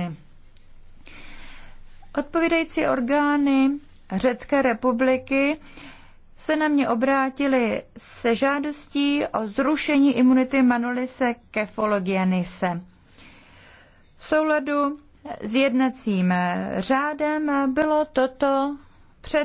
orgány. Odpovídající orgány Řecké republiky se na mě obrátili se žádostí o zrušení imunity Manolise Kefologianise. V souladu s jednacím řádem bylo toto před